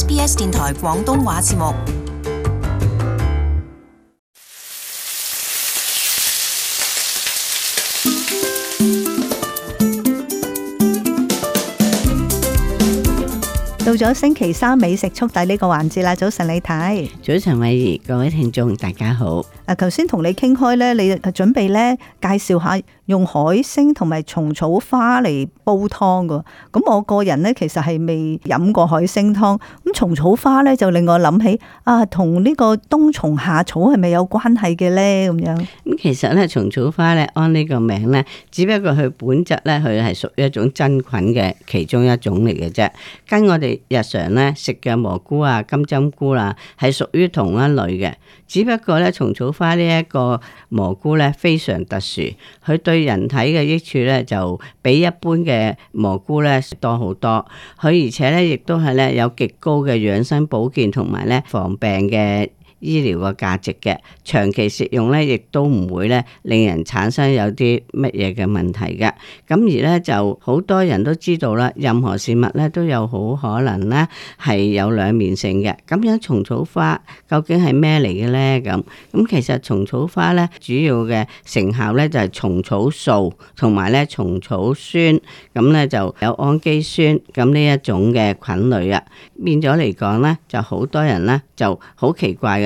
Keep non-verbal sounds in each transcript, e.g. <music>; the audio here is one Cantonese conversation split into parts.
SBS 電台廣東話節目。到咗星期三美食速遞呢個環節啦！早晨李太，早晨慧兒，各位聽眾大家好。誒，頭先同你傾開咧，你準備咧介紹下用海星同埋蟲草花嚟煲湯㗎。咁我個人咧，其實係未飲過海星湯。咁蟲草花咧，就令我諗起啊，同呢個冬蟲夏草係咪有關係嘅咧？咁樣咁其實咧，蟲草花咧，按呢個名咧，只不過佢本質咧，佢係屬於一種真菌嘅其中一種嚟嘅啫。跟我哋日常咧食嘅蘑菇啊、金針菇啦，係屬於同一類嘅。只不過咧，蟲草花呢一個蘑菇咧非常特殊，佢對人體嘅益處咧就比一般嘅蘑菇咧多好多，佢而且咧亦都係咧有極高嘅養生保健同埋咧防病嘅。醫療嘅價值嘅長期食用咧，亦都唔會咧令人產生有啲乜嘢嘅問題嘅。咁而咧就好多人都知道啦，任何事物咧都有好可能咧係有兩面性嘅。咁樣蟲草花究竟係咩嚟嘅咧？咁咁其實蟲草花咧主要嘅成效咧就係、是、蟲草素同埋咧蟲草酸，咁咧就有氨基酸咁呢一種嘅菌類啊。變咗嚟講咧，就好多人咧就好奇怪。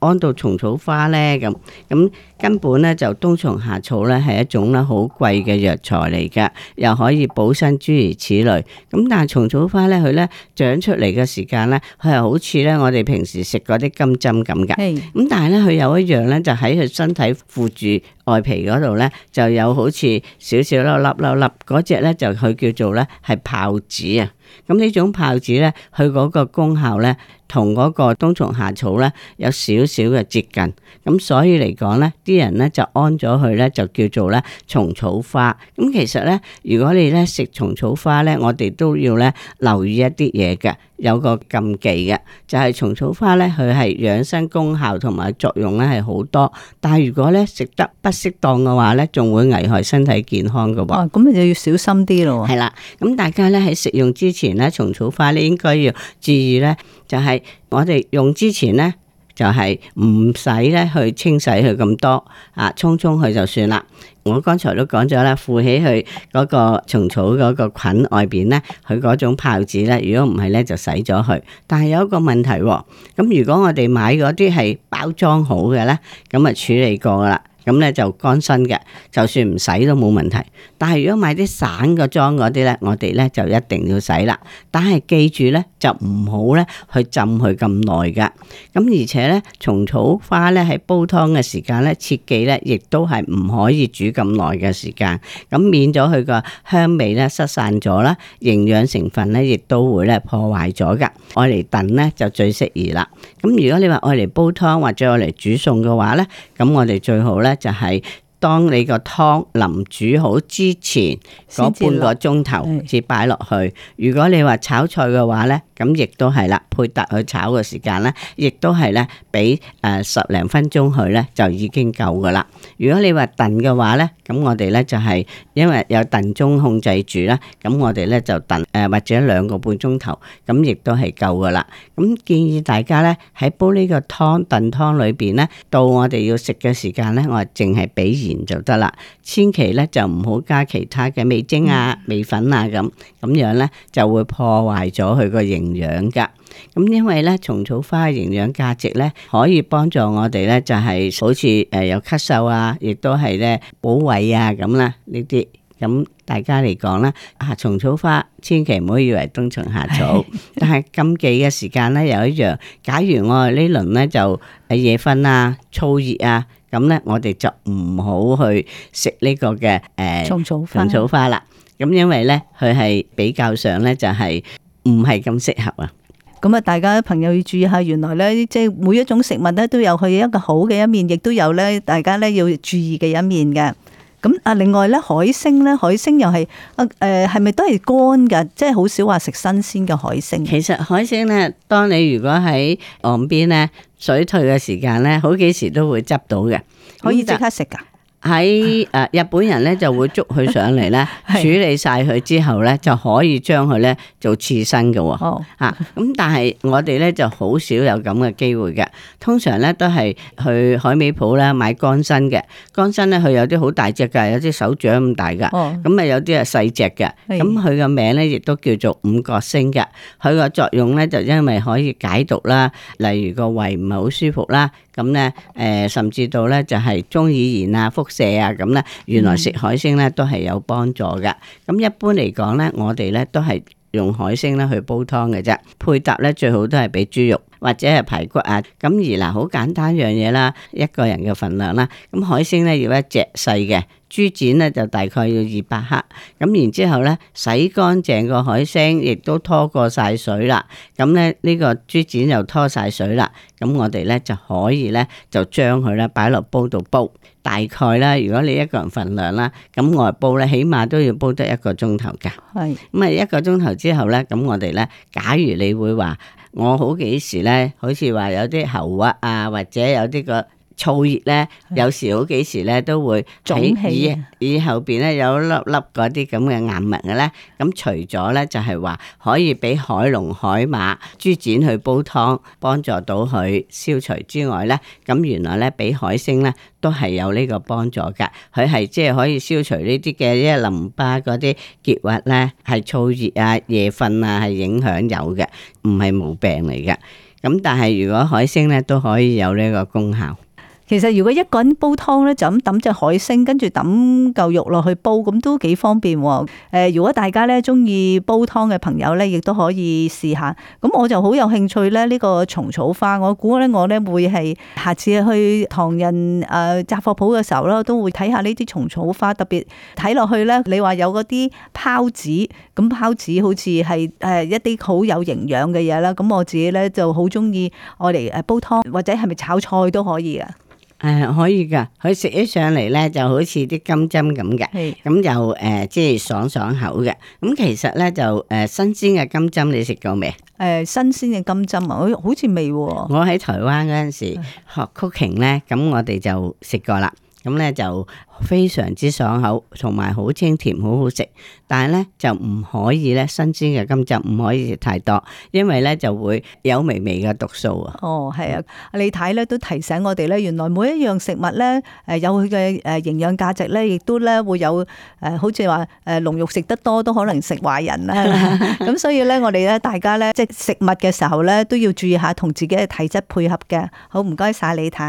安度蟲草花咧，咁咁根本咧就冬蟲夏草咧係一種咧好貴嘅藥材嚟㗎，又可以補身諸如此類。咁但係蟲草花咧，佢咧長出嚟嘅時間咧，佢係好似咧我哋平時食嗰啲金針咁㗎。咁但係咧，佢有一樣咧，就喺佢身體附住外皮嗰度咧，就有好似少少粒粒粒粒嗰隻咧，就佢叫做咧係孢子啊。咁呢種孢子咧，佢嗰個功效咧，同嗰個冬蟲夏草咧有少少嘅接近，咁所以嚟講呢啲人呢，就安咗佢呢，就叫做呢蟲草花。咁其實呢，如果你呢食蟲草花呢，我哋都要呢留意一啲嘢嘅，有個禁忌嘅，就係、是、蟲草花呢，佢係養生功效同埋作用呢係好多，但係如果呢食得不適當嘅話呢，仲會危害身體健康嘅。咁你、哦、就要小心啲咯。係啦，咁大家呢喺食用之前、就是、用之前呢，蟲草花呢應該要注意呢，就係我哋用之前呢。就係唔使咧去清洗佢咁多，啊沖沖佢就算啦。我剛才都講咗啦，附起佢嗰個蟲草嗰個菌外邊咧，佢嗰種泡子咧，如果唔係咧就洗咗佢。但係有一個問題、哦，咁如果我哋買嗰啲係包裝好嘅咧，咁啊處理過啦。咁咧就乾身嘅，就算唔洗都冇問題。但係如果買啲散個裝嗰啲咧，我哋咧就一定要洗啦。但係記住咧，就唔好咧去浸佢咁耐噶。咁而且咧，蟲草花咧喺煲湯嘅時間咧，切記咧，亦都係唔可以煮咁耐嘅時間，咁免咗佢個香味咧失散咗啦，營養成分咧亦都會咧破壞咗噶。愛嚟燉咧就最適宜啦。咁如果你話愛嚟煲湯或者愛嚟煮餸嘅話咧，咁我哋最好咧就係當你個湯臨煮好之前，嗰半個鐘頭先擺落去。如果你話炒菜嘅話咧，咁亦都係啦，配搭去炒嘅時間咧，亦都係咧，俾誒十零分鐘佢咧就已經夠㗎啦。如果你話燉嘅話咧，咁我哋呢就係因為有燉盅控制住啦，咁我哋呢就燉誒或者兩個半鐘頭，咁亦都係夠噶啦。咁建議大家呢，喺煲呢個湯燉湯裏邊呢，到我哋要食嘅時間呢，我淨係俾鹽就得啦，千祈呢就唔好加其他嘅味精啊、味粉啊咁，咁樣呢就會破壞咗佢個營養噶。咁因為咧，蟲草花嘅營養價值咧，可以幫助我哋咧，就係好似誒有咳嗽啊，亦都係咧保胃啊，咁啦呢啲。咁大家嚟講啦，蟲草花千祈唔好以為冬蟲夏草，但係禁忌嘅時間咧又一樣。假如我哋呢輪咧就喺夜瞓啊、燥熱啊，咁咧我哋就唔好去食呢個嘅誒蟲草花啦。咁因為咧，佢係比較上咧就係唔係咁適合啊。咁啊，大家朋友要注意下，原來咧即係每一種食物咧都有佢一個好嘅一面，亦都有咧大家咧要注意嘅一面嘅。咁啊，另外咧海星咧，海星又係誒誒，係咪、呃、都係乾噶？即係好少話食新鮮嘅海星。其實海星咧，當你如果喺岸邊咧，水退嘅時間咧，好幾時都會執到嘅，可以即刻食噶。喺誒日本人咧就會捉佢上嚟咧 <laughs> 是處理晒佢之後咧就可以將佢咧做刺身嘅喎。咁 <laughs> 但係我哋咧就好少有咁嘅機會嘅。通常咧都係去海味鋪啦，買乾身嘅。乾身咧佢有啲好大隻嘅，有啲手掌咁大嘅。咁啊 <laughs> 有啲啊細隻嘅。咁佢嘅名咧亦都叫做五角星嘅。佢個作用咧就因為可以解毒啦，例如個胃唔係好舒服啦。咁咧，誒，甚至到咧就係中耳炎啊、腹瀉啊咁咧，原來食海星咧都係有幫助嘅。咁、嗯、一般嚟講咧，我哋咧都係用海星咧去煲湯嘅啫，配搭咧最好都係俾豬肉。或者係排骨啊，咁而嗱好簡單樣嘢啦，一個人嘅份量啦，咁海星咧要一隻細嘅，豬展咧就大概要二百克，咁然之後咧洗乾淨個海星，亦都拖過晒水啦，咁咧呢個豬展又拖晒水啦，咁我哋咧就可以咧就將佢咧擺落煲度煲，大概咧如果你一個人份量啦，咁外煲咧起碼都要煲得一個鐘頭㗎，係是，咁啊一個鐘頭之後咧，咁我哋咧，假如你會話。我好幾時咧，好似話有啲喉核啊，或者有啲個。燥熱咧，有時好幾時咧都會喺耳氣耳後邊咧有粒粒嗰啲咁嘅硬物嘅咧。咁除咗咧就係話可以俾海龍、海馬、豬展去煲湯，幫助到佢消除之外咧，咁原來咧俾海星咧都係有呢個幫助㗎。佢係即係可以消除呢啲嘅一淋巴嗰啲結核咧，係燥熱啊、夜瞓啊係影響有嘅，唔係冇病嚟嘅。咁但係如果海星咧都可以有呢個功效。其實如果一個人煲湯咧，就咁抌隻海星，跟住抌嚿肉落去煲，咁都幾方便喎。誒、呃，如果大家咧中意煲湯嘅朋友咧，亦都可以試下。咁我就好有興趣咧，呢、這個蟲草花，我估咧我咧會係下次去唐人誒、呃、雜貨鋪嘅時候啦，都會睇下呢啲蟲草花。特別睇落去咧，你話有嗰啲孢子，咁孢子好似係誒一啲好有營養嘅嘢啦。咁我自己咧就好中意我嚟誒煲湯，或者係咪炒菜都可以啊。誒、啊，可以噶，佢食起上嚟咧就好似啲金針咁嘅，咁又誒即係爽爽口嘅。咁其實咧就誒新鮮嘅金針你食過未？誒、呃，新鮮嘅金針、呃、啊，我好似未。我喺台灣嗰陣時學 cooking 咧，咁我哋就食過啦。咁咧就非常之爽口，同埋好清甜，好好食。但係咧就唔可以咧新鮮嘅金針唔可以食太多，因為咧就會有微微嘅毒素啊。哦，係啊，李太咧都提醒我哋咧，原來每一樣食物咧，誒有佢嘅誒營養價值咧，亦都咧會有誒，好似話誒龍肉食得多都可能食壞人啦。咁 <laughs> 所以咧，我哋咧大家咧即係食物嘅時候咧，都要注意下同自己嘅體質配合嘅。好，唔該晒李太。